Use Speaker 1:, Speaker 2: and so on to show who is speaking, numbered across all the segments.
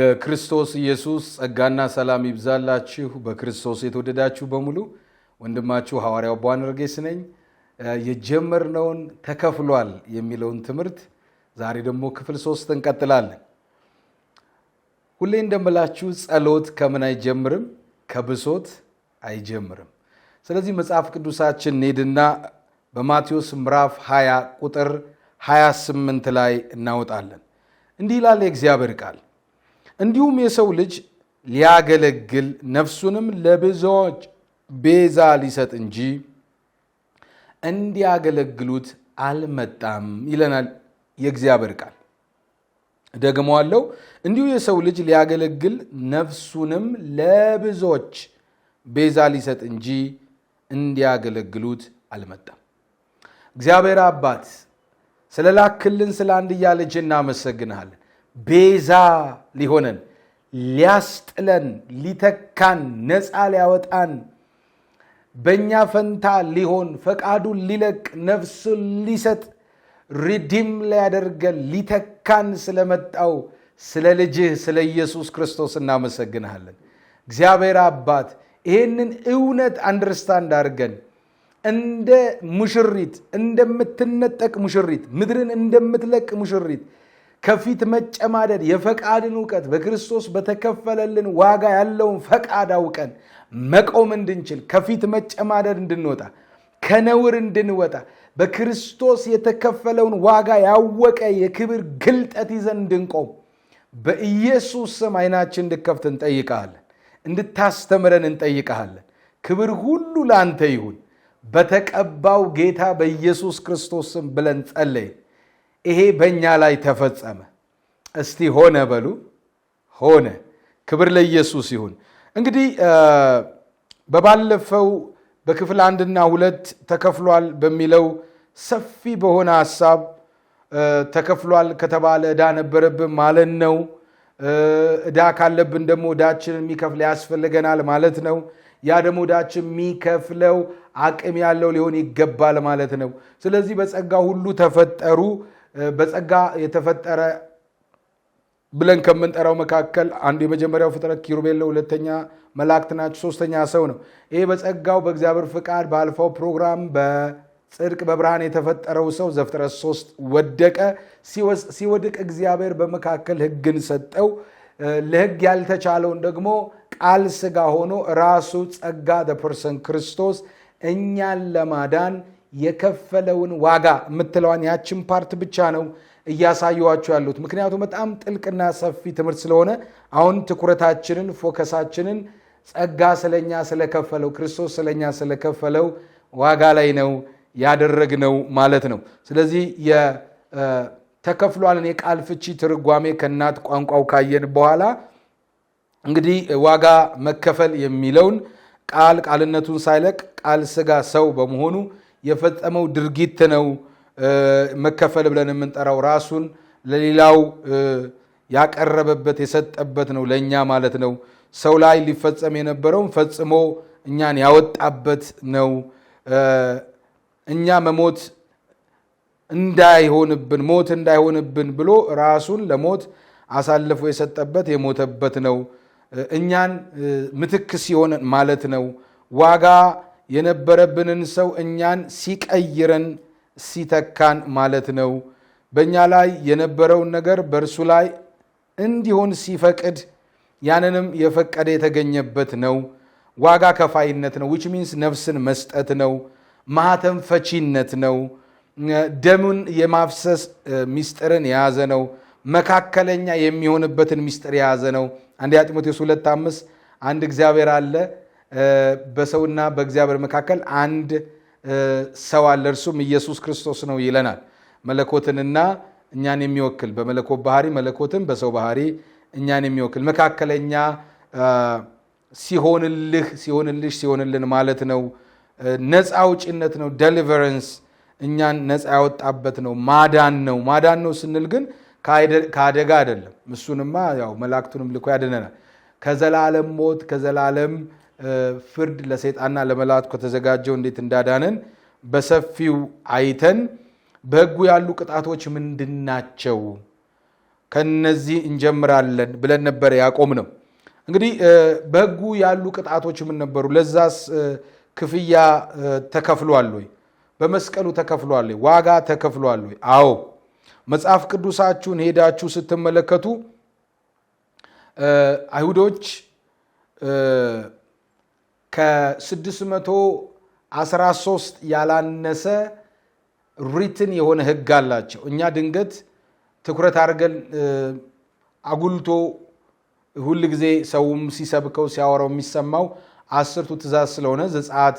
Speaker 1: የክርስቶስ ኢየሱስ ጸጋና ሰላም ይብዛላችሁ። በክርስቶስ የተወደዳችሁ በሙሉ ወንድማችሁ ሐዋርያው ቧንርጌስ ነኝ። የጀመርነውን ተከፍሏል የሚለውን ትምህርት ዛሬ ደግሞ ክፍል ሶስት እንቀጥላለን። ሁሌ እንደምላችሁ ጸሎት ከምን አይጀምርም? ከብሶት አይጀምርም። ስለዚህ መጽሐፍ ቅዱሳችን ኔድና በማቴዎስ ምዕራፍ 20 ቁጥር 28 ላይ እናወጣለን። እንዲህ ይላል የእግዚአብሔር ቃል እንዲሁም የሰው ልጅ ሊያገለግል ነፍሱንም ለብዙዎች ቤዛ ሊሰጥ እንጂ እንዲያገለግሉት አልመጣም ይለናል የእግዚአብሔር ቃል። ደግሞ አለው እንዲሁ የሰው ልጅ ሊያገለግል ነፍሱንም ለብዙዎች ቤዛ ሊሰጥ እንጂ እንዲያገለግሉት አልመጣም። እግዚአብሔር አባት ስለላክልን ስለ አንድያ ልጅ እናመሰግንሃለን። ቤዛ ሊሆነን ሊያስጥለን ሊተካን ነፃ ሊያወጣን በእኛ ፈንታ ሊሆን ፈቃዱን ሊለቅ ነፍሱን ሊሰጥ ሪዲም ሊያደርገን ሊተካን ስለመጣው ስለ ልጅህ ስለ ኢየሱስ ክርስቶስ እናመሰግንሃለን። እግዚአብሔር አባት ይህንን እውነት አንደርስታንድ አድርገን እንደ ሙሽሪት እንደምትነጠቅ ሙሽሪት ምድርን እንደምትለቅ ሙሽሪት ከፊት መጨማደድ የፈቃድን እውቀት በክርስቶስ በተከፈለልን ዋጋ ያለውን ፈቃድ አውቀን መቆም እንድንችል ከፊት መጨማደድ እንድንወጣ ከነውር እንድንወጣ በክርስቶስ የተከፈለውን ዋጋ ያወቀ የክብር ግልጠት ይዘን እንድንቆም በኢየሱስ ስም ዓይናችን እንድከፍት እንጠይቀሃለን። እንድታስተምረን እንጠይቀሃለን። ክብር ሁሉ ለአንተ ይሁን በተቀባው ጌታ በኢየሱስ ክርስቶስ ስም ብለን ጸለይን። ይሄ በእኛ ላይ ተፈጸመ። እስቲ ሆነ በሉ ሆነ። ክብር ለኢየሱስ ይሁን። እንግዲህ በባለፈው በክፍል አንድና ሁለት ተከፍሏል በሚለው ሰፊ በሆነ ሀሳብ ተከፍሏል ከተባለ ዕዳ ነበረብን ማለት ነው። ዕዳ ካለብን ደግሞ ዕዳችንን የሚከፍል ያስፈልገናል ማለት ነው። ያ ደግሞ ዕዳችን የሚከፍለው አቅም ያለው ሊሆን ይገባል ማለት ነው። ስለዚህ በጸጋ ሁሉ ተፈጠሩ በጸጋ የተፈጠረ ብለን ከምንጠራው መካከል አንዱ የመጀመሪያው ፍጥረት ኪሩቤል ነው። ሁለተኛ መላእክት ናቸው። ሶስተኛ ሰው ነው። ይሄ በጸጋው በእግዚአብሔር ፍቃድ በአልፋው ፕሮግራም በጽድቅ በብርሃን የተፈጠረው ሰው ዘፍጥረት ሶስት ወደቀ። ሲወድቅ እግዚአብሔር በመካከል ሕግን ሰጠው። ለሕግ ያልተቻለውን ደግሞ ቃል ስጋ ሆኖ ራሱ ጸጋ ፐርሰን ክርስቶስ እኛን ለማዳን የከፈለውን ዋጋ የምትለዋን ያችን ፓርት ብቻ ነው እያሳየዋቸው ያሉት። ምክንያቱም በጣም ጥልቅና ሰፊ ትምህርት ስለሆነ አሁን ትኩረታችንን ፎከሳችንን ጸጋ ስለኛ ስለከፈለው ክርስቶስ ስለኛ ስለከፈለው ዋጋ ላይ ነው ያደረግነው ማለት ነው። ስለዚህ የተከፍሏልን የቃል ፍቺ ትርጓሜ ከእናት ቋንቋው ካየን በኋላ እንግዲህ ዋጋ መከፈል የሚለውን ቃል ቃልነቱን ሳይለቅ ቃል ስጋ ሰው በመሆኑ የፈጸመው ድርጊት ነው መከፈል ብለን የምንጠራው ራሱን ለሌላው ያቀረበበት የሰጠበት ነው ለእኛ ማለት ነው። ሰው ላይ ሊፈጸም የነበረውን ፈጽሞ እኛን ያወጣበት ነው። እኛ መሞት እንዳይሆንብን ሞት እንዳይሆንብን ብሎ ራሱን ለሞት አሳልፎ የሰጠበት የሞተበት ነው። እኛን ምትክ ሲሆን ማለት ነው ዋጋ የነበረብንን ሰው እኛን ሲቀይረን ሲተካን ማለት ነው። በእኛ ላይ የነበረውን ነገር በእርሱ ላይ እንዲሆን ሲፈቅድ ያንንም የፈቀደ የተገኘበት ነው። ዋጋ ከፋይነት ነው። ዊች ሚንስ ነፍስን መስጠት ነው። ማህተም ፈቺነት ነው። ደምን የማፍሰስ ሚስጥርን የያዘ ነው። መካከለኛ የሚሆንበትን ሚስጥር የያዘ ነው። አንደኛ ጢሞቴዎስ ሁለት አምስት አንድ እግዚአብሔር አለ በሰውና በእግዚአብሔር መካከል አንድ ሰው አለ፣ እርሱም ኢየሱስ ክርስቶስ ነው ይለናል። መለኮትንና እኛን የሚወክል በመለኮት ባህሪ መለኮትን በሰው ባህሪ እኛን የሚወክል መካከለኛ ሲሆንልህ ሲሆንልሽ ሲሆንልን ማለት ነው። ነፃ አውጭነት ነው። ደሊቨረንስ እኛን ነፃ ያወጣበት ነው። ማዳን ነው። ማዳን ነው ስንል ግን ከአደጋ አይደለም። እሱንማ ያው መላእክቱንም ልኮ ያድነናል። ከዘላለም ሞት ከዘላለም ፍርድ ለሰይጣንና ለመላእክት ከተዘጋጀው እንዴት እንዳዳነን በሰፊው አይተን በህጉ ያሉ ቅጣቶች ምንድናቸው? ከነዚህ እንጀምራለን ብለን ነበር ያቆም ነው። እንግዲህ በህጉ ያሉ ቅጣቶች ምን ነበሩ? ለዛስ ክፍያ ተከፍሏል ወይ? በመስቀሉ ተከፍሏል ወይ? ዋጋ ተከፍሏል ወይ? አዎ። መጽሐፍ ቅዱሳችሁን ሄዳችሁ ስትመለከቱ አይሁዶች ከ613 ያላነሰ ሪትን የሆነ ህግ አላቸው። እኛ ድንገት ትኩረት አድርገን አጉልቶ ሁል ጊዜ ሰውም ሲሰብከው ሲያወራው የሚሰማው አስርቱ ትእዛዝ ስለሆነ ዘጸአት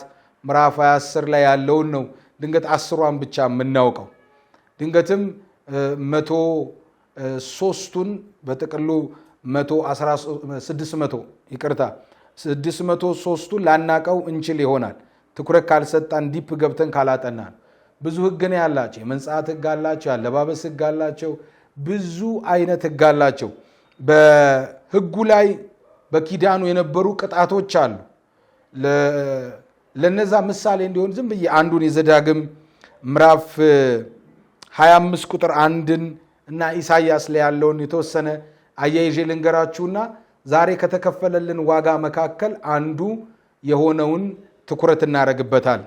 Speaker 1: ምዕራፍ 10 ላይ ያለውን ነው። ድንገት አስሯን ብቻ የምናውቀው ድንገትም መቶ ሶስቱን በጥቅሉ መቶ ስድስት መቶ ይቅርታ 603ቱ ላናቀው እንችል ይሆናል ትኩረት ካልሰጣን ዲፕ ገብተን ካላጠናን። ብዙ ህግ ነው ያላቸው። የመንጻት ህግ አላቸው፣ የአለባበስ ህግ አላቸው፣ ብዙ አይነት ህግ አላቸው። በህጉ ላይ በኪዳኑ የነበሩ ቅጣቶች አሉ። ለነዛ ምሳሌ እንዲሆን ዝም ብዬ አንዱን የዘዳግም ምዕራፍ 25 ቁጥር አንድን እና ኢሳያስ ላይ ያለውን የተወሰነ አያይዤ ልንገራችሁና ዛሬ ከተከፈለልን ዋጋ መካከል አንዱ የሆነውን ትኩረት እናደርግበታል።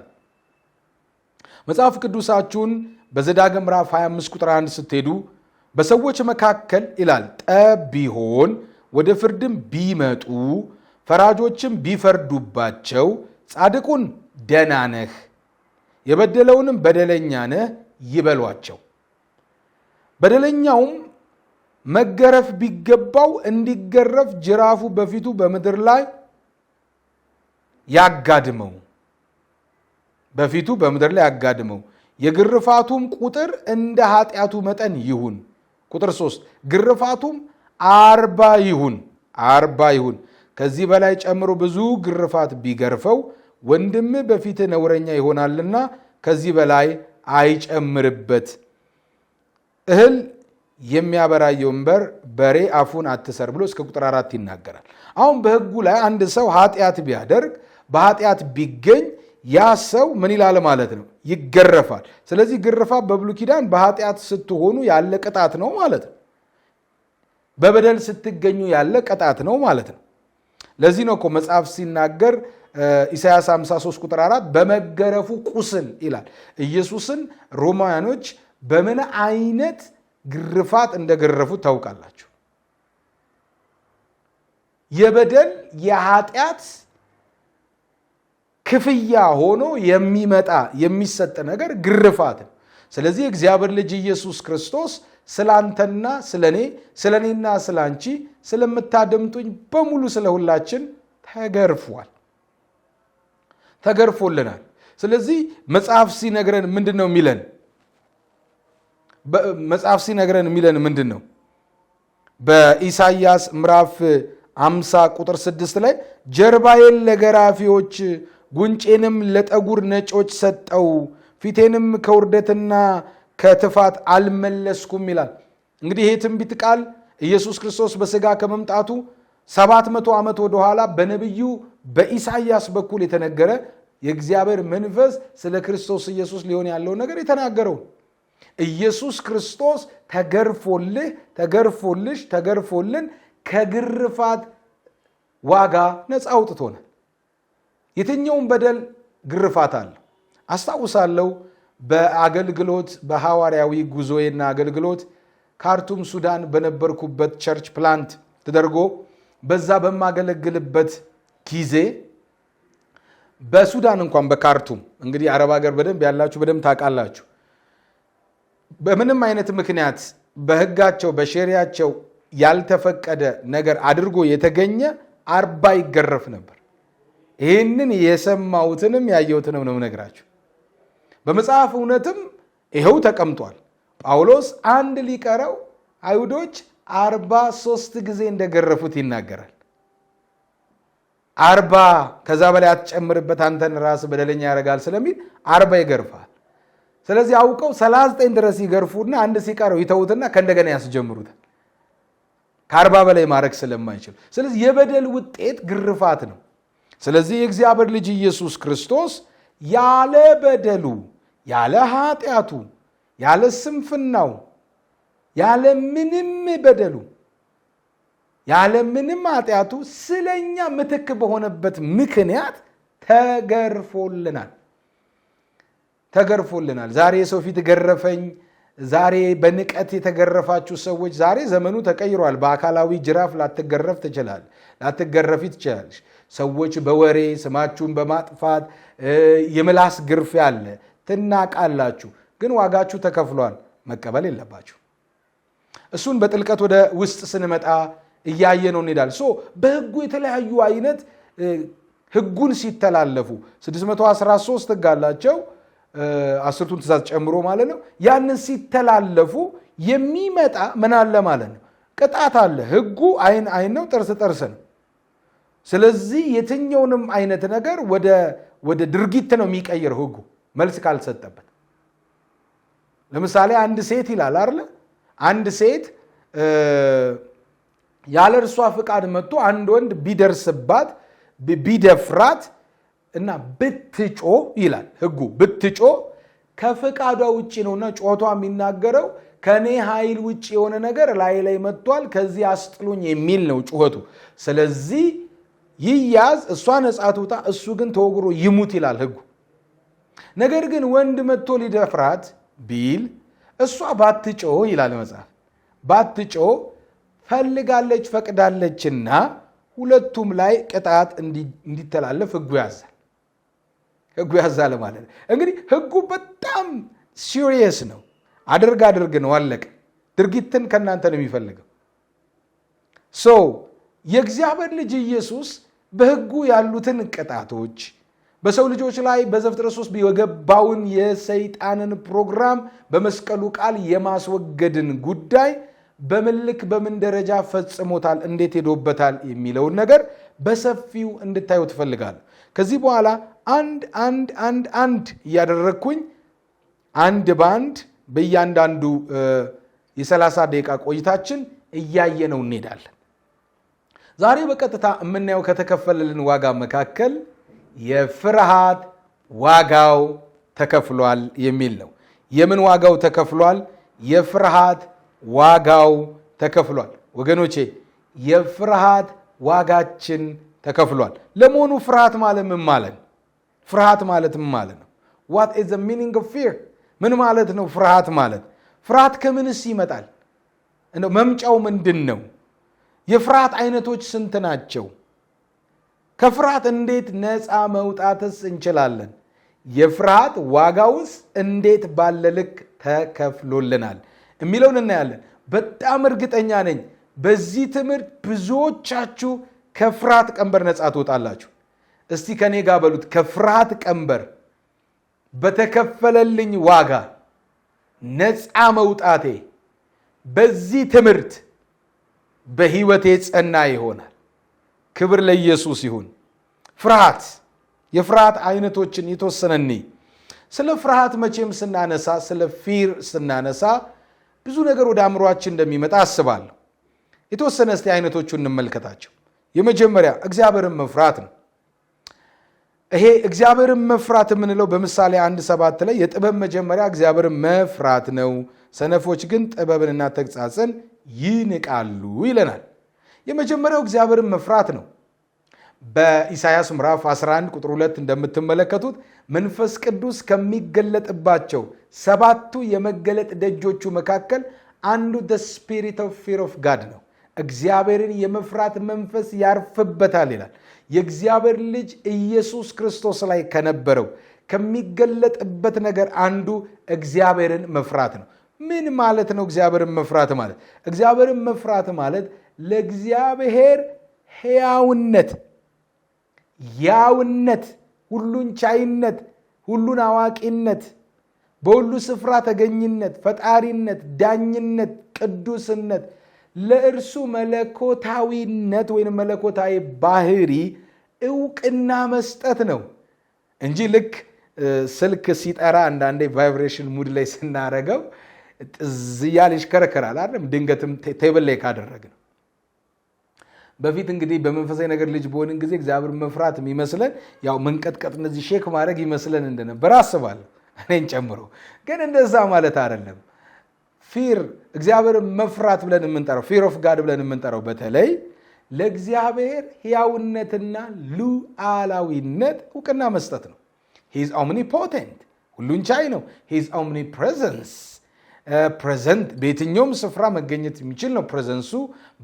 Speaker 1: መጽሐፍ ቅዱሳችሁን በዘዳግም ምዕራፍ 25 ቁጥር 1 ስትሄዱ በሰዎች መካከል ይላል ጠብ ቢሆን ወደ ፍርድም ቢመጡ ፈራጆችም ቢፈርዱባቸው ጻድቁን ደህና ነህ የበደለውንም በደለኛ ነህ ይበሏቸው፣ በደለኛውም መገረፍ ቢገባው እንዲገረፍ ጅራፉ በፊቱ በምድር ላይ ያጋድመው በፊቱ በምድር ላይ ያጋድመው የግርፋቱም ቁጥር እንደ ኃጢአቱ መጠን ይሁን። ቁጥር ሶስት ግርፋቱም አርባ ይሁን አርባ ይሁን። ከዚህ በላይ ጨምሮ ብዙ ግርፋት ቢገርፈው ወንድም በፊት ነውረኛ ይሆናልና ከዚህ በላይ አይጨምርበት። እህል የሚያበራየውን በር በሬ አፉን አትሰር ብሎ እስከ ቁጥር አራት ይናገራል። አሁን በህጉ ላይ አንድ ሰው ኃጢአት ቢያደርግ በኃጢአት ቢገኝ ያ ሰው ምን ይላል ማለት ነው? ይገረፋል። ስለዚህ ግርፋት በብሉይ ኪዳን በኃጢአት ስትሆኑ ያለ ቅጣት ነው ማለት ነው። በበደል ስትገኙ ያለ ቅጣት ነው ማለት ነው። ለዚህ ነው እኮ መጽሐፍ ሲናገር ኢሳያስ 53 ቁጥር 4 በመገረፉ ቁስል ይላል። ኢየሱስን ሮማውያኖች በምን አይነት ግርፋት እንደገረፉት ታውቃላችሁ። የበደል የኃጢአት ክፍያ ሆኖ የሚመጣ የሚሰጥ ነገር ግርፋት ነው። ስለዚህ እግዚአብሔር ልጅ ኢየሱስ ክርስቶስ ስላንተና ስለ እኔ ስለ እኔና ስለ አንቺ ስለምታደምጡኝ በሙሉ ስለ ሁላችን ተገርፏል፣ ተገርፎልናል። ስለዚህ መጽሐፍ ሲነግረን ምንድን ነው የሚለን? መጽሐፍ ሲነግረን የሚለን ምንድን ነው? በኢሳይያስ ምዕራፍ አምሳ ቁጥር ስድስት ላይ ጀርባዬን ለገራፊዎች ጉንጬንም ለጠጉር ነጮች ሰጠው፣ ፊቴንም ከውርደትና ከትፋት አልመለስኩም ይላል። እንግዲህ ይህ ትንቢት ቃል ኢየሱስ ክርስቶስ በስጋ ከመምጣቱ ሰባት መቶ ዓመት ወደኋላ በነቢዩ በኢሳይያስ በኩል የተነገረ የእግዚአብሔር መንፈስ ስለ ክርስቶስ ኢየሱስ ሊሆን ያለውን ነገር የተናገረው ኢየሱስ ክርስቶስ ተገርፎልህ ተገርፎልሽ ተገርፎልን ከግርፋት ዋጋ ነፃ አውጥቶነ የትኛውም በደል ግርፋት አለ አስታውሳለሁ በአገልግሎት በሐዋርያዊ ጉዞዬና አገልግሎት ካርቱም ሱዳን በነበርኩበት ቸርች ፕላንት ተደርጎ በዛ በማገለግልበት ጊዜ በሱዳን እንኳን በካርቱም እንግዲህ አረብ ሀገር በደንብ ያላችሁ በደንብ ታውቃላችሁ። በምንም አይነት ምክንያት በህጋቸው በሸሪያቸው ያልተፈቀደ ነገር አድርጎ የተገኘ አርባ ይገረፍ ነበር። ይህንን የሰማሁትንም ያየሁትንም ነው ነግራችሁ። በመጽሐፍ እውነትም ይኸው ተቀምጧል። ጳውሎስ አንድ ሊቀረው አይሁዶች አርባ ሶስት ጊዜ እንደገረፉት ይናገራል። አርባ ከዛ በላይ አትጨምርበት፣ አንተን ራስ በደለኛ ያደርጋል ስለሚል አርባ ይገርፋል። ስለዚህ አውቀው 39 ድረስ ይገርፉና አንድ ሲቀረው ይተውትና ከእንደገና ያስጀምሩታል። ከአርባ በላይ ማድረግ ስለማይችል ስለዚህ የበደል ውጤት ግርፋት ነው። ስለዚህ የእግዚአብሔር ልጅ ኢየሱስ ክርስቶስ ያለ በደሉ፣ ያለ ኃጢአቱ፣ ያለ ስንፍናው፣ ያለ ምንም በደሉ፣ ያለ ምንም ኃጢአቱ ስለኛ ምትክ በሆነበት ምክንያት ተገርፎልናል። ተገርፎልናል። ዛሬ የሰው ፊት ገረፈኝ። ዛሬ በንቀት የተገረፋችሁ ሰዎች፣ ዛሬ ዘመኑ ተቀይሯል። በአካላዊ ጅራፍ ላትገረፍ ትችላል፣ ላትገረፊ ትችላለች። ሰዎች በወሬ ስማችሁን በማጥፋት የምላስ ግርፍ ያለ ትናቃላችሁ፣ ግን ዋጋችሁ ተከፍሏል። መቀበል የለባችሁ። እሱን በጥልቀት ወደ ውስጥ ስንመጣ እያየ ነው እንሄዳል። ሶ በህጉ የተለያዩ አይነት ህጉን ሲተላለፉ 613 ህግ አላቸው። አስርቱን ትእዛዝ ጨምሮ ማለት ነው። ያንን ሲተላለፉ የሚመጣ ምን አለ ማለት ነው? ቅጣት አለ። ህጉ አይን አይን ነው፣ ጥርስ ጥርስ ነው። ስለዚህ የትኛውንም አይነት ነገር ወደ ድርጊት ነው የሚቀይረው ህጉ መልስ ካልሰጠበት። ለምሳሌ አንድ ሴት ይላል አይደለ? አንድ ሴት ያለ እርሷ ፍቃድ መጥቶ አንድ ወንድ ቢደርስባት ቢደፍራት እና ብትጮ ይላል ህጉ። ብትጮ ከፍቃዷ ውጭ ነውና ጮቷ የሚናገረው ከእኔ ኃይል ውጭ የሆነ ነገር ላይ ላይ መጥቷል፣ ከዚህ አስጥሉኝ የሚል ነው ጩኸቱ። ስለዚህ ይያዝ፣ እሷ ነፃ ትውጣ፣ እሱ ግን ተወግሮ ይሙት ይላል ህጉ። ነገር ግን ወንድ መጥቶ ሊደፍራት ቢል እሷ ባትጮ ይላል መጽሐፍ። ባትጮ ፈልጋለች፣ ፈቅዳለችና ሁለቱም ላይ ቅጣት እንዲተላለፍ ህጉ ያዛል። ህጉ ያዛለ ማለት ነው። እንግዲህ ህጉ በጣም ሲሪየስ ነው። አድርግ አድርግ ነው፣ አለቀ። ድርጊትን ከእናንተ ነው የሚፈልገው። ሶ የእግዚአብሔር ልጅ ኢየሱስ በህጉ ያሉትን ቅጣቶች በሰው ልጆች ላይ በዘፍጥረት ሶስት የገባውን የሰይጣንን ፕሮግራም በመስቀሉ ቃል የማስወገድን ጉዳይ በምልክ በምን ደረጃ ፈጽሞታል፣ እንዴት ሄዶበታል የሚለውን ነገር በሰፊው እንድታዩ ትፈልጋለሁ። ከዚህ በኋላ አንድ አንድ አንድ አንድ እያደረግኩኝ አንድ በአንድ በእያንዳንዱ የሰላሳ ደቂቃ ቆይታችን እያየነው እንሄዳለን። ዛሬ በቀጥታ የምናየው ከተከፈለልን ዋጋ መካከል የፍርሃት ዋጋው ተከፍሏል የሚል ነው። የምን ዋጋው ተከፍሏል? የፍርሃት ዋጋው ተከፍሏል። ወገኖቼ የፍርሃት ዋጋችን ተከፍሏል። ለመሆኑ ፍርሃት ማለት ምን ማለት ፍርሃት ማለትም ማለት ነው። ዋት ኢዝ ዘ ሚኒንግ ኦፍ ፊር? ምን ማለት ነው ፍርሃት ማለት? ፍርሃት ከምንስ ይመጣል? እንደው መምጫው ምንድን ነው? የፍርሃት አይነቶች ስንት ናቸው? ከፍርሃት እንዴት ነፃ መውጣትስ እንችላለን? የፍርሃት ዋጋውስ እንዴት ባለ ልክ ተከፍሎልናል የሚለውን እናያለን። በጣም እርግጠኛ ነኝ በዚህ ትምህርት ብዙዎቻችሁ ከፍርሃት ቀንበር ነፃ ትወጣላችሁ። እስቲ ከኔ ጋር በሉት ከፍርሃት ቀንበር በተከፈለልኝ ዋጋ ነፃ መውጣቴ በዚህ ትምህርት በህይወቴ ጸና ይሆናል። ክብር ለኢየሱስ ይሁን። ፍርሃት የፍርሃት አይነቶችን የተወሰነኒ ስለ ፍርሃት መቼም ስናነሳ ስለ ፊር ስናነሳ ብዙ ነገር ወደ አእምሯችን እንደሚመጣ አስባለሁ። የተወሰነ እስቲ አይነቶቹ እንመልከታቸው። የመጀመሪያ እግዚአብሔርን መፍራት ነው። ይሄ እግዚአብሔርን መፍራት የምንለው በምሳሌ አንድ ሰባት ላይ የጥበብ መጀመሪያ እግዚአብሔርን መፍራት ነው፣ ሰነፎች ግን ጥበብንና ተግጻጽን ይንቃሉ ይለናል። የመጀመሪያው እግዚአብሔርን መፍራት ነው። በኢሳያስ ምዕራፍ 11 ቁጥር 2 እንደምትመለከቱት መንፈስ ቅዱስ ከሚገለጥባቸው ሰባቱ የመገለጥ ደጆቹ መካከል አንዱ ደ ስፒሪት ኦፍ ፊር ኦፍ ጋድ ነው። እግዚአብሔርን የመፍራት መንፈስ ያርፍበታል ይላል። የእግዚአብሔር ልጅ ኢየሱስ ክርስቶስ ላይ ከነበረው ከሚገለጥበት ነገር አንዱ እግዚአብሔርን መፍራት ነው። ምን ማለት ነው? እግዚአብሔርን መፍራት ማለት እግዚአብሔርን መፍራት ማለት ለእግዚአብሔር ሕያውነት፣ ያውነት፣ ሁሉን ቻይነት፣ ሁሉን አዋቂነት፣ በሁሉ ስፍራ ተገኝነት፣ ፈጣሪነት፣ ዳኝነት፣ ቅዱስነት ለእርሱ መለኮታዊነት ወይም መለኮታዊ ባህሪ እውቅና መስጠት ነው እንጂ ልክ ስልክ ሲጠራ አንዳንዴ ቫይብሬሽን ሙድ ላይ ስናረገው እያለ ይሽከረከራል አይደለም። ድንገትም ቴብል ላይ ነው። በፊት እንግዲህ በመንፈሳዊ ነገር ልጅ በሆንን ጊዜ እግዚአብሔር መፍራት የሚመስለን ያው መንቀጥቀጥ፣ እነዚህ ሼክ ማድረግ ይመስለን እንደነበር አስባለሁ፣ እኔን ጨምሮ። ግን እንደዛ ማለት አይደለም። ፊር እግዚአብሔር መፍራት ብለን የምንጠራው ፊር ኦፍ ጋድ ብለን የምንጠራው በተለይ ለእግዚአብሔር ሕያውነትና ሉዓላዊነት እውቅና መስጠት ነው። ሂዝ ኦምኒፖቴንት ሁሉን ቻይ ነው። ሂዝ ኦምኒፕሬዘንስ ፕሬዘንት በየትኛውም ስፍራ መገኘት የሚችል ነው። ፕሬዘንሱ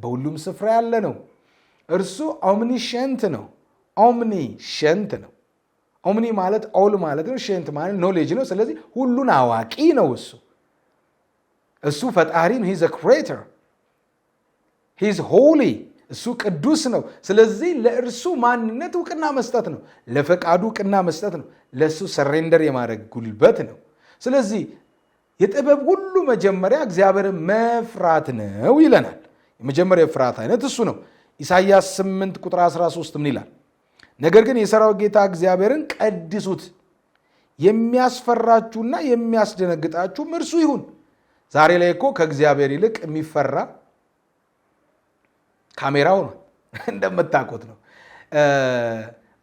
Speaker 1: በሁሉም ስፍራ ያለ ነው። እርሱ ኦምኒሸንት ነው። ኦምኒሸንት ነው። ኦምኒ ማለት ኦል ማለት ነው። ሸንት ማለት ኖሌጅ ነው። ስለዚህ ሁሉን አዋቂ ነው። እሱ እሱ ፈጣሪ ነው። ሂዝ ክሬተር ሂዝ ሆሊ እሱ ቅዱስ ነው። ስለዚህ ለእርሱ ማንነት እውቅና መስጠት ነው። ለፈቃዱ እውቅና መስጠት ነው። ለእሱ ሰሬንደር የማድረግ ጉልበት ነው። ስለዚህ የጥበብ ሁሉ መጀመሪያ እግዚአብሔርን መፍራት ነው ይለናል። የመጀመሪያ የፍርሃት አይነት እሱ ነው። ኢሳይያስ 8 ቁጥር 13 ምን ይላል? ነገር ግን የሰራው ጌታ እግዚአብሔርን ቀድሱት፣ የሚያስፈራችሁና የሚያስደነግጣችሁም እርሱ ይሁን። ዛሬ ላይ እኮ ከእግዚአብሔር ይልቅ የሚፈራ ካሜራው ነው እንደምታውቁት ነው።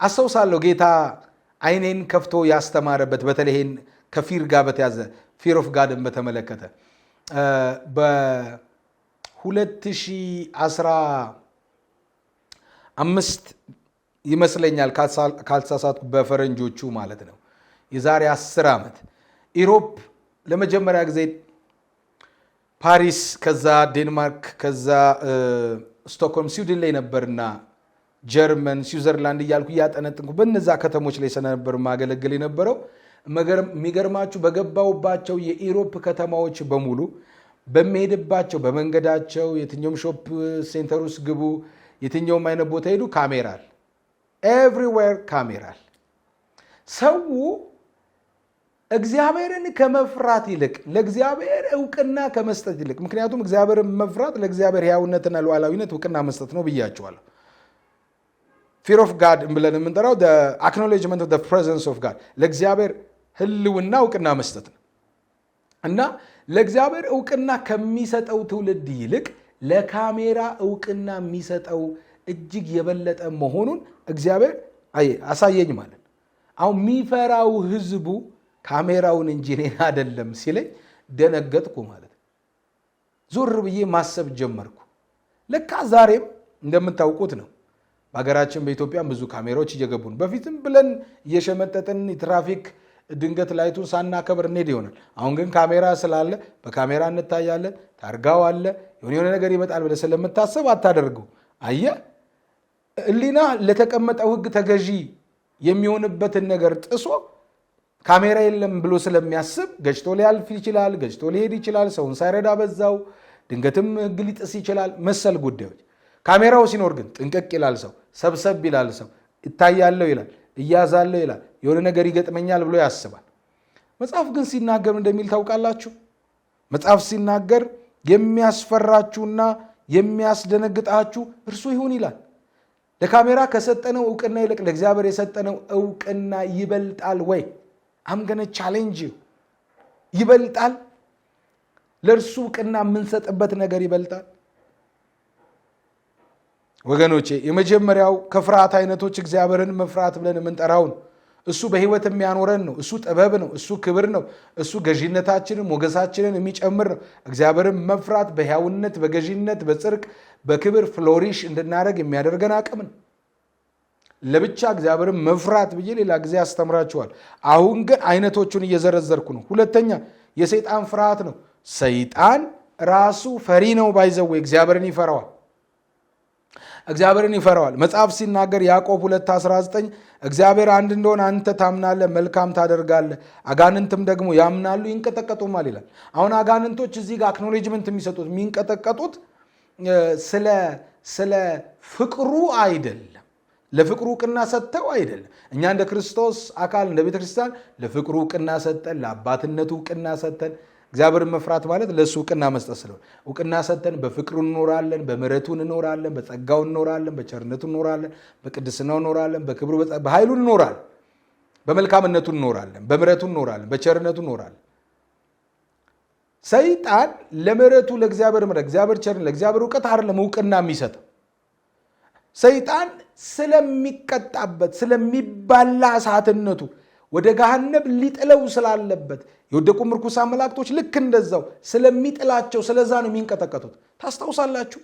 Speaker 1: አስታውሳለሁ ጌታ አይኔን ከፍቶ ያስተማረበት በተለይ ከፊር ጋር በተያዘ ፊር ኦፍ ጋድን በተመለከተ በ2015 ይመስለኛል ካልተሳሳትኩ በፈረንጆቹ ማለት ነው። የዛሬ 10 ዓመት ኢሮፕ ለመጀመሪያ ጊዜ ፓሪስ፣ ከዛ ዴንማርክ፣ ከዛ ስቶክሆልም ስዊድን ላይ ነበርና ጀርመን፣ ስዊዘርላንድ እያልኩ እያጠነጥንኩ በነዛ ከተሞች ላይ ስለነበር ማገለግል የነበረው የሚገርማችሁ በገባውባቸው የኢሮፕ ከተማዎች በሙሉ በሚሄድባቸው በመንገዳቸው የትኛውም ሾፕ ሴንተር ውስጥ ግቡ፣ የትኛውም አይነት ቦታ ሄዱ፣ ካሜራል ኤቭሪዌር ካሜራል ሰው እግዚአብሔርን ከመፍራት ይልቅ ለእግዚአብሔር እውቅና ከመስጠት ይልቅ ምክንያቱም እግዚአብሔርን መፍራት ለእግዚአብሔር ሕያውነትና ሉዓላዊነት እውቅና መስጠት ነው ብያቸዋለሁ። ፊር ኦፍ ጋድ ብለን የምንጠራው አክኖሌጅመንት ኦፍ ፕሬዘንስ ኦፍ ጋድ ለእግዚአብሔር ህልውና እውቅና መስጠት ነው እና ለእግዚአብሔር እውቅና ከሚሰጠው ትውልድ ይልቅ ለካሜራ እውቅና የሚሰጠው እጅግ የበለጠ መሆኑን እግዚአብሔር አሳየኝ ማለት አሁን የሚፈራው ህዝቡ ካሜራውን እንጂ እኔን አደለም ሲለኝ ደነገጥኩ ማለት ነው። ዞር ብዬ ማሰብ ጀመርኩ። ለካ ዛሬም እንደምታውቁት ነው በሀገራችን በኢትዮጵያ ብዙ ካሜራዎች እየገቡ በፊትም ብለን እየሸመጠጥን የትራፊክ ድንገት ላይቱን ሳናከብር እንሄድ ይሆናል። አሁን ግን ካሜራ ስላለ በካሜራ እንታያለን። ታርጋው አለ የሆነ የሆነ ነገር ይመጣል ብለህ ስለምታስብ አታደርገው። አየ እሊና ለተቀመጠው ህግ ተገዢ የሚሆንበትን ነገር ጥሶ ካሜራ የለም ብሎ ስለሚያስብ ገጭቶ ሊያልፍ ይችላል፣ ገጭቶ ሊሄድ ይችላል፣ ሰውን ሳይረዳ በዛው ድንገትም ሕግ ሊጥስ ይችላል። መሰል ጉዳዮች ካሜራው ሲኖር ግን ጥንቅቅ ይላል ሰው፣ ሰብሰብ ይላል ሰው፣ እታያለሁ ይላል፣ እያዛለሁ ይላል፣ የሆነ ነገር ይገጥመኛል ብሎ ያስባል። መጽሐፍ ግን ሲናገር እንደሚል ታውቃላችሁ። መጽሐፍ ሲናገር የሚያስፈራችሁና የሚያስደነግጣችሁ እርሱ ይሁን ይላል። ለካሜራ ከሰጠነው እውቅና ይልቅ ለእግዚአብሔር የሰጠነው እውቅና ይበልጣል ወይ? አምገነ ቻሌንጅ ይበልጣል። ለእርሱ እውቅና የምንሰጥበት ነገር ይበልጣል። ወገኖቼ የመጀመሪያው ከፍርሃት አይነቶች እግዚአብሔርን መፍራት ብለን የምንጠራው እሱ በህይወት የሚያኖረን ነው። እሱ ጥበብ ነው። እሱ ክብር ነው። እሱ ገዥነታችንን ሞገሳችንን የሚጨምር ነው። እግዚአብሔርን መፍራት በሕያውነት፣ በገዥነት በጽርቅ በክብር ፍሎሪሽ እንድናደርግ የሚያደርገን አቅም ነው። ለብቻ እግዚአብሔርን መፍራት ብዬ ሌላ ጊዜ ያስተምራችኋል። አሁን ግን አይነቶቹን እየዘረዘርኩ ነው። ሁለተኛ የሰይጣን ፍርሃት ነው። ሰይጣን ራሱ ፈሪ ነው። ባይዘው እግዚአብሔርን ይፈራዋል። እግዚአብሔርን ይፈራዋል። መጽሐፍ ሲናገር ያዕቆብ 2:19 እግዚአብሔር አንድ እንደሆነ አንተ ታምናለህ፣ መልካም ታደርጋለህ፣ አጋንንትም ደግሞ ያምናሉ ይንቀጠቀጡማል ይላል። አሁን አጋንንቶች እዚህ ጋር አክኖሌጅመንት የሚሰጡት የሚንቀጠቀጡት ስለ ፍቅሩ አይደለም ለፍቅሩ ዕውቅና ሰጥተው አይደለም። እኛ እንደ ክርስቶስ አካል እንደ ቤተ ክርስቲያን ለፍቅሩ ዕውቅና ሰጠን፣ ለአባትነቱ ዕውቅና ሰጠን። እግዚአብሔርን መፍራት ማለት ለእሱ ዕውቅና መስጠት ስለሆነ እውቅና ሰጠን። በፍቅሩ እንኖራለን፣ በምሕረቱ እንኖራለን፣ በጸጋው እንኖራለን፣ በቸርነቱ እንኖራለን፣ በቅድስናው እንኖራለን፣ በክብሩ በኃይሉ እንኖራለን፣ በመልካምነቱ እንኖራለን፣ በምሕረቱ እንኖራለን፣ በቸርነቱ እንኖራለን። ሰይጣን ለምሕረቱ ለእግዚአብሔር ምሕረት እግዚአብሔር ቸርነት ለእግዚአብሔር እውቀት አይደለም እውቅና የሚሰጠው ሰይጣን ስለሚቀጣበት ስለሚባላ እሳትነቱ ወደ ገሃነብ ሊጥለው ስላለበት የወደቁ ምርኩሳ መላእክቶች ልክ እንደዛው ስለሚጥላቸው ስለዛ ነው የሚንቀጠቀጡት። ታስታውሳላችሁ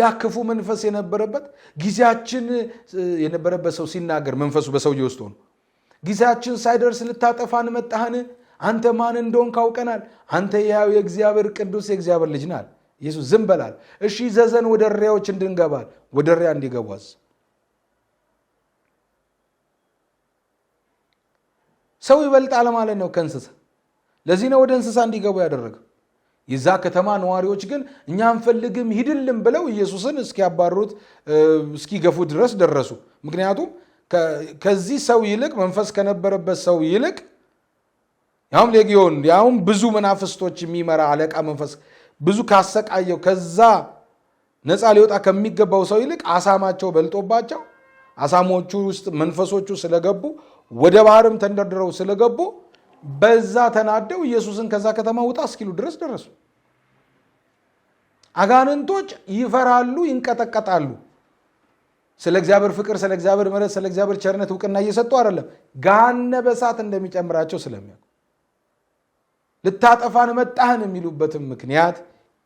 Speaker 1: ያ ክፉ መንፈስ የነበረበት ጊዜያችን የነበረበት ሰው ሲናገር መንፈሱ በሰውዬ ውስጥ ሆኖ ጊዜያችን ሳይደርስ ልታጠፋን መጣህን? አንተ ማን እንደሆን ካውቀናል። አንተ ያው የእግዚአብሔር ቅዱስ የእግዚአብሔር ልጅ ናል ኢየሱስ ዝም በላል። እሺ ዘዘን ወደ እሪያዎች እንድንገባል ወደ እሪያ እንዲገቧዝ ሰው ይበልጣል ማለት ነው ከእንስሳ። ለዚህ ነው ወደ እንስሳ እንዲገቡ ያደረገ። የዛ ከተማ ነዋሪዎች ግን እኛ አንፈልግም ሂድልም ብለው ኢየሱስን እስኪያባሩት እስኪገፉ ድረስ ደረሱ። ምክንያቱም ከዚህ ሰው ይልቅ መንፈስ ከነበረበት ሰው ይልቅ ያውም ሌጊዮን ያውም ብዙ መናፍስቶች የሚመራ አለቃ መንፈስ ብዙ ካሰቃየው ከዛ ነፃ ሊወጣ ከሚገባው ሰው ይልቅ አሳማቸው በልጦባቸው አሳሞቹ ውስጥ መንፈሶቹ ስለገቡ ወደ ባህርም ተንደርድረው ስለገቡ በዛ ተናደው ኢየሱስን ከዛ ከተማ ውጣ እስኪሉ ድረስ ደረሱ። አጋንንቶች ይፈራሉ፣ ይንቀጠቀጣሉ። ስለ እግዚአብሔር ፍቅር፣ ስለ እግዚአብሔር ምሕረት፣ ስለ እግዚአብሔር ቸርነት እውቅና እየሰጡ አይደለም፣ ጋነ በሳት እንደሚጨምራቸው ስለሚያውቁ ልታጠፋን መጣህን የሚሉበትም ምክንያት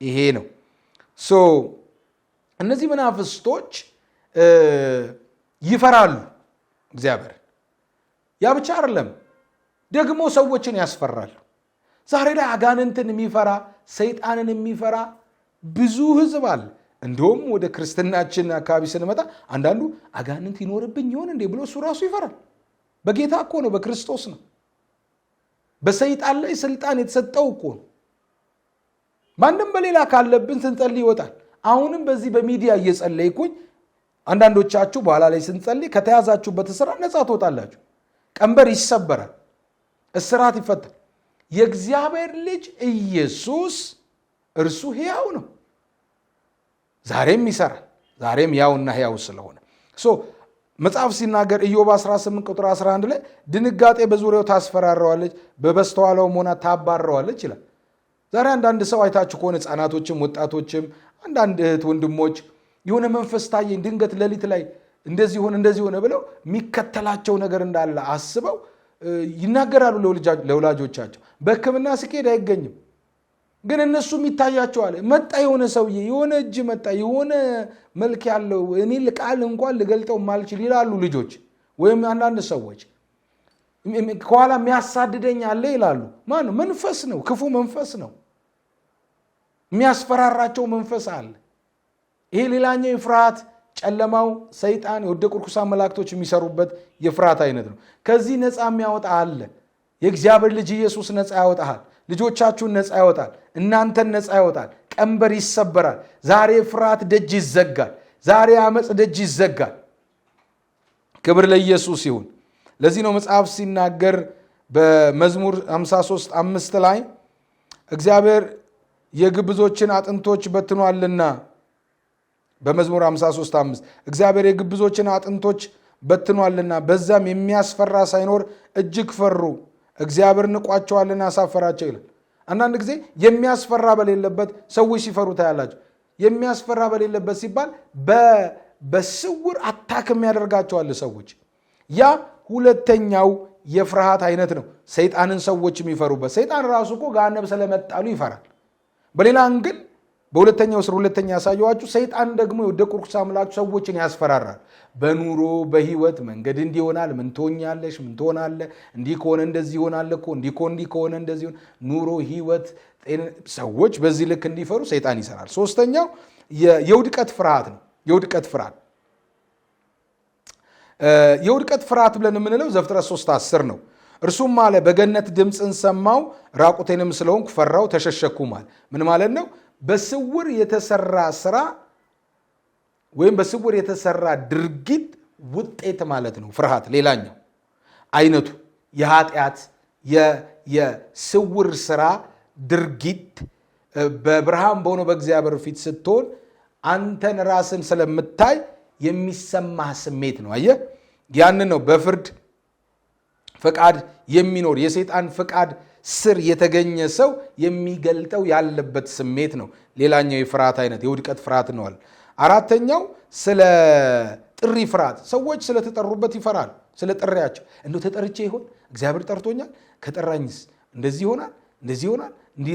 Speaker 1: ይሄ ነው። ሶ እነዚህ መናፍስቶች ይፈራሉ እግዚአብሔር። ያ ብቻ አይደለም ደግሞ ሰዎችን ያስፈራሉ። ዛሬ ላይ አጋንንትን የሚፈራ ሰይጣንን የሚፈራ ብዙ ህዝብ አለ። እንዲሁም ወደ ክርስትናችን አካባቢ ስንመጣ አንዳንዱ አጋንንት ይኖርብኝ ይሆን እንዴ ብሎ እሱ ራሱ ይፈራል። በጌታ እኮ ነው፣ በክርስቶስ ነው። በሰይጣን ላይ ስልጣን የተሰጠው እኮ ነው። ማንም በሌላ ካለብን ስንጸልይ ይወጣል። አሁንም በዚህ በሚዲያ እየጸለይኩኝ አንዳንዶቻችሁ በኋላ ላይ ስንጸልይ ከተያዛችሁበት ስራ ነፃ ትወጣላችሁ። ቀንበር ይሰበራል፣ እስራት ይፈታል። የእግዚአብሔር ልጅ ኢየሱስ እርሱ ሕያው ነው፣ ዛሬም ይሰራል። ዛሬም ያውና ሕያው ስለሆነ መጽሐፍ ሲናገር ኢዮብ 18 ቁጥር 11 ላይ ድንጋጤ በዙሪያው ታስፈራረዋለች፣ በበስተኋላውም ሆና ታባረዋለች ይላል። ዛሬ አንዳንድ ሰው አይታችሁ ከሆነ ህፃናቶችም ወጣቶችም አንዳንድ እህት ወንድሞች የሆነ መንፈስ ታየኝ ድንገት ሌሊት ላይ እንደዚህ ሆነ እንደዚህ ሆነ ብለው የሚከተላቸው ነገር እንዳለ አስበው ይናገራሉ ለወላጆቻቸው። በሕክምና ስኬድ አይገኝም። ግን እነሱም ይታያቸዋል። መጣ የሆነ ሰውዬ የሆነ እጅ መጣ የሆነ መልክ ያለው እኔ ቃል እንኳን ልገልጠው ማልችል ይላሉ ልጆች ወይም አንዳንድ ሰዎች። ከኋላ የሚያሳድደኝ አለ ይላሉ። ማነው? መንፈስ ነው፣ ክፉ መንፈስ ነው። የሚያስፈራራቸው መንፈስ አለ። ይሄ ሌላኛው የፍርሃት ጨለማው ሰይጣን የወደቁ ርኩሳን መላእክቶች የሚሰሩበት የፍርሃት አይነት ነው። ከዚህ ነፃ የሚያወጣ አለ። የእግዚአብሔር ልጅ ኢየሱስ ነፃ ያወጣሃል። ልጆቻችሁን ነፃ ይወጣል። እናንተን ነፃ ይወጣል። ቀንበር ይሰበራል። ዛሬ ፍርሃት ደጅ ይዘጋል። ዛሬ አመፅ ደጅ ይዘጋል። ክብር ለኢየሱስ ይሁን። ለዚህ ነው መጽሐፍ ሲናገር በመዝሙር 53 አምስት ላይ እግዚአብሔር የግብዞችን አጥንቶች በትኗልና በመዝሙር 53 አምስት እግዚአብሔር የግብዞችን አጥንቶች በትኗልና በዛም የሚያስፈራ ሳይኖር እጅግ ፈሩ እግዚአብሔር ንቋቸዋልና ያሳፈራቸው ይላል። አንዳንድ ጊዜ የሚያስፈራ በሌለበት ሰዎች ሲፈሩ ታያላቸው። የሚያስፈራ በሌለበት ሲባል በስውር አታክ የሚያደርጋቸዋል ሰዎች። ያ ሁለተኛው የፍርሃት አይነት ነው። ሰይጣንን ሰዎች የሚፈሩበት ሰይጣን ራሱ እኮ ስለመጣሉ ይፈራል። በሌላ አንግል በሁለተኛው ስር ሁለተኛ ያሳየኋችሁ ሰይጣን ደግሞ የወደቁ ርኩስ አምላክ ሰዎችን ያስፈራራል። በኑሮ በህይወት መንገድ እንዲህ ይሆናል፣ ምን ትሆኛለሽ፣ ምን ትሆናለህ፣ እንዲህ ከሆነ እንደዚህ ይሆናል እኮ እንዲህ ከሆነ እንደዚህ ኑሮ፣ ህይወት፣ ሰዎች በዚህ ልክ እንዲፈሩ ሰይጣን ይሰራል። ሶስተኛው የውድቀት ፍርሃት ነው። የውድቀት ፍርሃት የውድቀት ፍርሃት ብለን የምንለው ዘፍጥረት 3 10 ነው። እርሱም አለ በገነት ድምፅን ሰማው ራቁቴንም ስለሆንኩ ፈራው ተሸሸኩም አለ። ምን ማለት ነው? በስውር የተሰራ ስራ ወይም በስውር የተሰራ ድርጊት ውጤት ማለት ነው። ፍርሃት ሌላኛው አይነቱ የኃጢአት የስውር ስራ ድርጊት በብርሃን በሆነው በእግዚአብሔር ፊት ስትሆን አንተን ራስን ስለምታይ የሚሰማህ ስሜት ነው። አየህ፣ ያንን ነው በፍርድ ፍቃድ የሚኖር የሰይጣን ፍቃድ ስር የተገኘ ሰው የሚገልጠው ያለበት ስሜት ነው። ሌላኛው የፍርሃት አይነት የውድቀት ፍርሃት ነዋል። አራተኛው ስለ ጥሪ ፍርሃት፣ ሰዎች ስለተጠሩበት ይፈራል። ስለ ጥሪያቸው እንደው ተጠርቼ ይሆን? እግዚአብሔር ጠርቶኛል፣ ከጠራኝስ እንደዚህ ይሆናል፣ እንደዚህ ይሆናል፣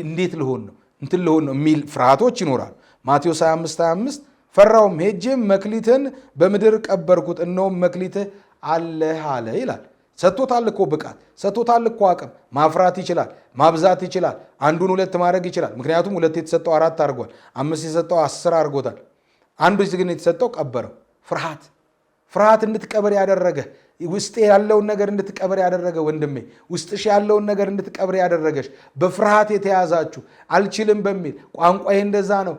Speaker 1: እንዴት ልሆን ነው እንትን ልሆን ነው የሚል ፍርሃቶች ይኖራል። ማቴዎስ 25 25 ፈራውም ሄጄም መክሊትን በምድር ቀበርኩት፣ እነውም መክሊትህ አለህ አለ ይላል። ሰጥቶታል እኮ ብቃት ሰጥቶታል እኮ አቅም። ማፍራት ይችላል፣ ማብዛት ይችላል፣ አንዱን ሁለት ማድረግ ይችላል። ምክንያቱም ሁለት የተሰጠው አራት አድርጓል፣ አምስት የተሰጠው አስር አድርጎታል። አንዱ ግን የተሰጠው ቀበረው። ፍርሃት ፍርሃት እንድትቀበር ያደረገ ውስጥ ያለውን ነገር እንድትቀብር ያደረገ ወንድሜ፣ ውስጥሽ ያለውን ነገር እንድትቀብር ያደረገሽ፣ በፍርሃት የተያዛችሁ አልችልም በሚል ቋንቋ እንደዛ ነው፣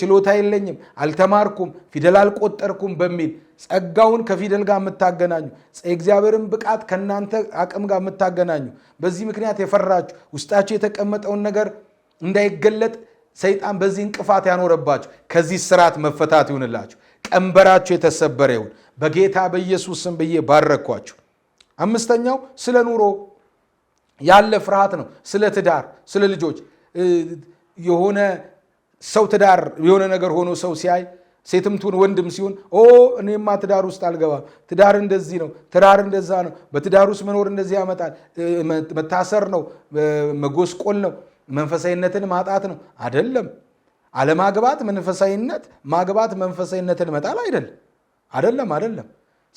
Speaker 1: ችሎታ የለኝም፣ አልተማርኩም፣ ፊደል አልቆጠርኩም በሚል ጸጋውን ከፊደል ጋር የምታገናኙ እግዚአብሔርን ብቃት ከእናንተ አቅም ጋር የምታገናኙ፣ በዚህ ምክንያት የፈራችሁ ውስጣችሁ የተቀመጠውን ነገር እንዳይገለጥ ሰይጣን በዚህ እንቅፋት ያኖረባችሁ ከዚህ ስርዓት መፈታት ይሁንላችሁ። ቀንበራችሁ የተሰበረ ይሁን። በጌታ በኢየሱስ ስም ብዬ ባረኳችሁ። አምስተኛው ስለ ኑሮ ያለ ፍርሃት ነው። ስለ ትዳር፣ ስለ ልጆች የሆነ ሰው ትዳር የሆነ ነገር ሆኖ ሰው ሲያይ ሴትም ትሁን ወንድም ሲሆን ኦ እኔማ ትዳር ውስጥ አልገባም። ትዳር እንደዚህ ነው፣ ትዳር እንደዛ ነው፣ በትዳር ውስጥ መኖር እንደዚህ ያመጣል። መታሰር ነው፣ መጎስቆል ነው፣ መንፈሳዊነትን ማጣት ነው። አይደለም። አለማግባት መንፈሳዊነት፣ ማግባት መንፈሳዊነትን መጣል አይደለም። አደለም አደለም።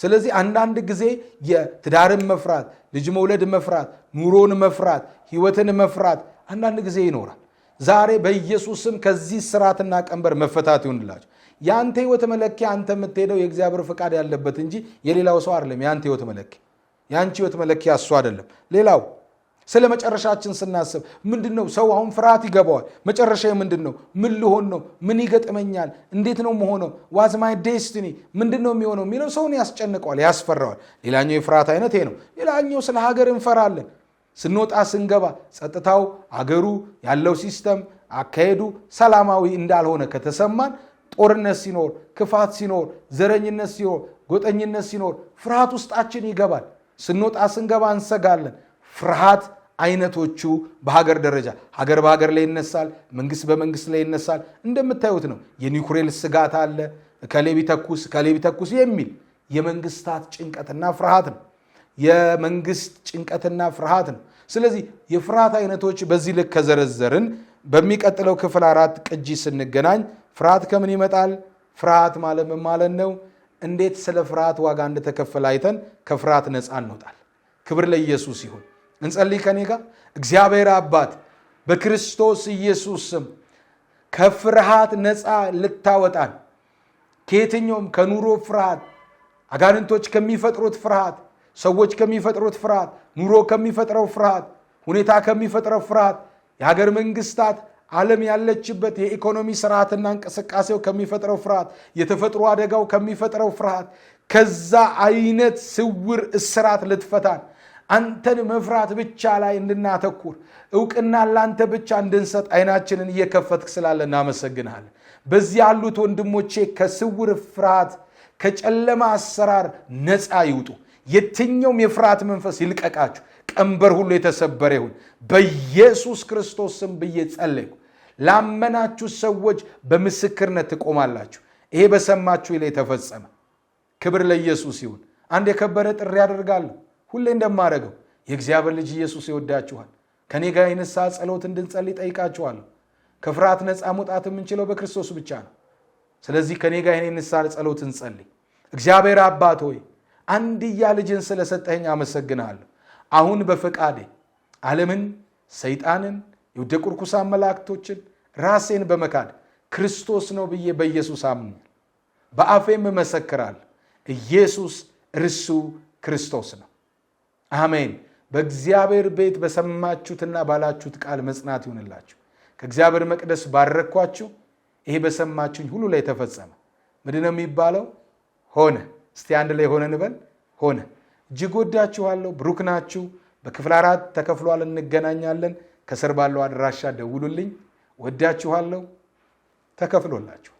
Speaker 1: ስለዚህ አንዳንድ ጊዜ የትዳርን መፍራት፣ ልጅ መውለድ መፍራት፣ ኑሮን መፍራት፣ ህይወትን መፍራት አንዳንድ ጊዜ ይኖራል። ዛሬ በኢየሱስም ከዚህ ስርዓትና ቀንበር መፈታት ይሆንላቸው። የአንተ ህይወት መለኪያ አንተ የምትሄደው የእግዚአብሔር ፈቃድ ያለበት እንጂ የሌላው ሰው አይደለም። የአንተ ህይወት መለኪያ የአንቺ ህይወት መለኪያ እሱ አይደለም። ሌላው ስለ መጨረሻችን ስናስብ ምንድን ነው ሰው አሁን ፍርሃት ይገባዋል። መጨረሻ ምንድን ነው? ምን ልሆን ነው? ምን ይገጥመኛል? እንዴት ነው መሆነው? ዋዝ ማይ ዴስቲኒ ምንድን ነው የሚሆነው የሚለው ሰውን ያስጨንቀዋል፣ ያስፈራዋል። ሌላኛው የፍርሃት አይነት ይሄ ነው። ሌላኛው ስለ ሀገር እንፈራለን። ስንወጣ ስንገባ፣ ጸጥታው፣ አገሩ ያለው ሲስተም፣ አካሄዱ ሰላማዊ እንዳልሆነ ከተሰማን ጦርነት ሲኖር፣ ክፋት ሲኖር፣ ዘረኝነት ሲኖር፣ ጎጠኝነት ሲኖር ፍርሃት ውስጣችን ይገባል። ስንወጣ ስንገባ እንሰጋለን። ፍርሃት አይነቶቹ በሀገር ደረጃ ሀገር በሀገር ላይ ይነሳል፣ መንግስት በመንግስት ላይ ይነሳል። እንደምታዩት ነው። የኒውክሌር ስጋት አለ። እከሌ ቢተኩስ እከሌ ቢተኩስ የሚል የመንግስታት ጭንቀትና ፍርሃት ነው። የመንግስት ጭንቀትና ፍርሃት ነው። ስለዚህ የፍርሃት አይነቶች በዚህ ልክ ከዘረዘርን በሚቀጥለው ክፍል አራት ቅጂ ስንገናኝ ፍርሃት ከምን ይመጣል? ፍርሃት ማለት ምን ማለት ነው? እንዴት ስለ ፍርሃት ዋጋ እንደተከፈለ አይተን ከፍርሃት ነፃ እንወጣል። ክብር ለኢየሱስ ይሁን። እንጸልይ ከኔ ጋር። እግዚአብሔር አባት በክርስቶስ ኢየሱስ ስም ከፍርሃት ነፃ ልታወጣን ከየትኛውም ከኑሮ ፍርሃት፣ አጋንንቶች ከሚፈጥሩት ፍርሃት፣ ሰዎች ከሚፈጥሩት ፍርሃት፣ ኑሮ ከሚፈጥረው ፍርሃት፣ ሁኔታ ከሚፈጥረው ፍርሃት፣ የሀገር መንግስታት ዓለም ያለችበት የኢኮኖሚ ስርዓትና እንቅስቃሴው ከሚፈጥረው ፍርሃት፣ የተፈጥሮ አደጋው ከሚፈጥረው ፍርሃት፣ ከዛ አይነት ስውር እስራት ልትፈታን አንተን መፍራት ብቻ ላይ እንድናተኩር እውቅና ላንተ ብቻ እንድንሰጥ አይናችንን እየከፈትክ ስላለ እናመሰግንሃል። በዚህ ያሉት ወንድሞቼ ከስውር ፍርሃት፣ ከጨለማ አሰራር ነፃ ይውጡ። የትኛውም የፍርሃት መንፈስ ይልቀቃችሁ። ቀንበር ሁሉ የተሰበረ ይሁን በኢየሱስ ክርስቶስ ስም ብዬ ጸለይኩ። ላመናችሁ ሰዎች በምስክርነት ትቆማላችሁ። ይሄ በሰማችሁ ላይ ተፈጸመ። ክብር ለኢየሱስ ይሁን። አንድ የከበረ ጥሪ አደርጋለሁ። ሁሌ እንደማደርገው የእግዚአብሔር ልጅ ኢየሱስ ይወዳችኋል። ከኔ ጋር የንስሐ ጸሎት እንድንጸል ይጠይቃችኋል። ከፍርሃት ነፃ መውጣት የምንችለው በክርስቶስ ብቻ ነው። ስለዚህ ከኔ ጋር የኔ ንስሐ ጸሎት እንጸልይ። እግዚአብሔር አባት ሆይ አንድያ ልጅን ስለሰጠኸኝ አመሰግናለሁ። አሁን በፈቃዴ ዓለምን፣ ሰይጣንን፣ የውደቁ ርኩሳን መላእክቶችን ራሴን በመካድ ክርስቶስ ነው ብዬ በኢየሱስ አምኛል። በአፌም እመሰክራል ኢየሱስ እርሱ ክርስቶስ ነው። አሜን። በእግዚአብሔር ቤት በሰማችሁትና ባላችሁት ቃል መጽናት ይሆንላችሁ። ከእግዚአብሔር መቅደስ ባረግኳችሁ። ይሄ በሰማችሁኝ ሁሉ ላይ ተፈጸመ። ምንድን ነው የሚባለው? ሆነ። እስቲ አንድ ላይ ሆነ እንበል። ሆነ። እጅግ ወዳችኋለሁ። ብሩክ ናችሁ። በክፍል አራት ተከፍሏል። እንገናኛለን። ከስር ባለው አድራሻ ደውሉልኝ። ወዳችኋለሁ። ተከፍሎላችሁ